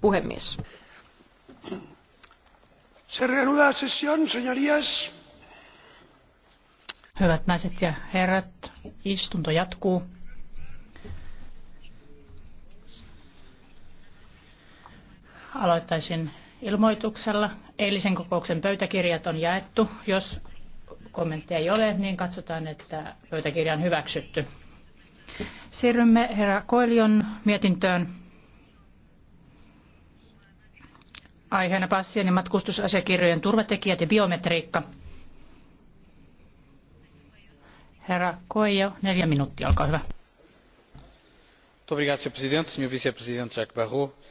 Puhemies. Se Hyvät naiset ja herrat, istunto jatkuu. Aloittaisin ilmoituksella. Eilisen kokouksen pöytäkirjat on jaettu. Jos kommentteja ei ole, niin katsotaan, että pöytäkirja on hyväksytty. Siirrymme herra Koelion mietintöön. Aiheena passien ja matkustusasiakirjojen turvatekijät ja biometriikka. Herra Koelio, neljä minuuttia, olkaa hyvä. Jacques Barrot